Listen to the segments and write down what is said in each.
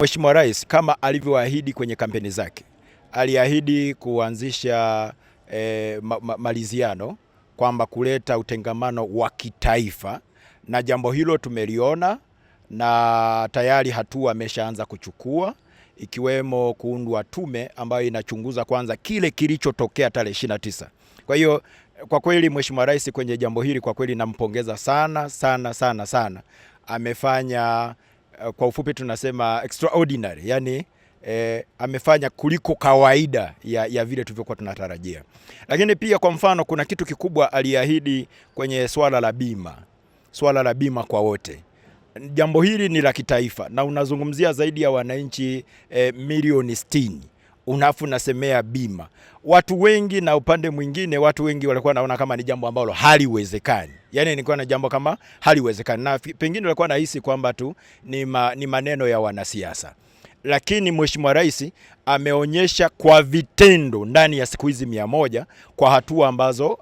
Mheshimiwa Rais kama alivyoahidi kwenye kampeni zake, aliahidi kuanzisha e, ma ma maliziano kwamba kuleta utengamano wa kitaifa, na jambo hilo tumeliona na tayari hatua ameshaanza kuchukua ikiwemo kuundwa tume ambayo inachunguza kwanza kile kilichotokea tarehe 29. Kwa hiyo kwa kweli Mheshimiwa Rais kwenye jambo hili kwa kweli nampongeza sana sana sana sana, amefanya Eh, kwa ufupi tunasema extraordinary, yani e, amefanya kuliko kawaida ya, ya vile tulivyokuwa tunatarajia. Lakini pia kwa mfano, kuna kitu kikubwa aliahidi kwenye swala la bima, swala la bima kwa wote. Jambo hili ni la kitaifa na unazungumzia zaidi ya wananchi e, milioni sitini unafu nasemea bima. Watu wengi na upande mwingine, watu wengi walikuwa naona kama ni jambo ambalo haliwezekani, yani nilikuwa na jambo kama haliwezekani, na pengine walikuwa nahisi kwamba tu ni, ma, ni maneno ya wanasiasa, lakini Mheshimiwa Rais ameonyesha kwa vitendo ndani ya siku hizi mia moja kwa hatua ambazo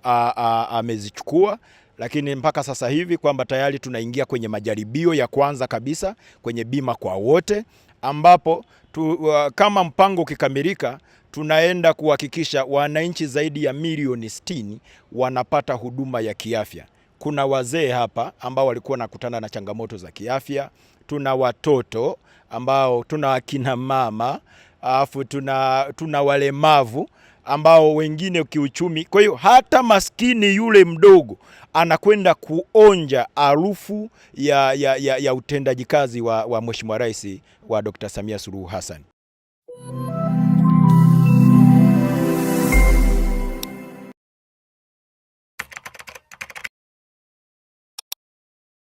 amezichukua lakini mpaka sasa hivi kwamba tayari tunaingia kwenye majaribio ya kwanza kabisa kwenye bima kwa wote, ambapo tu, uh, kama mpango ukikamilika tunaenda kuhakikisha wananchi zaidi ya milioni sitini wanapata huduma ya kiafya. Kuna wazee hapa ambao walikuwa wanakutana na changamoto za kiafya, tuna watoto ambao, tuna akina mama, alafu tuna, tuna walemavu ambao wengine kiuchumi. Kwa hiyo hata maskini yule mdogo anakwenda kuonja harufu ya, ya, ya, ya utendaji kazi wa, wa Mheshimiwa Rais wa Dr. Samia Suluhu Hassan.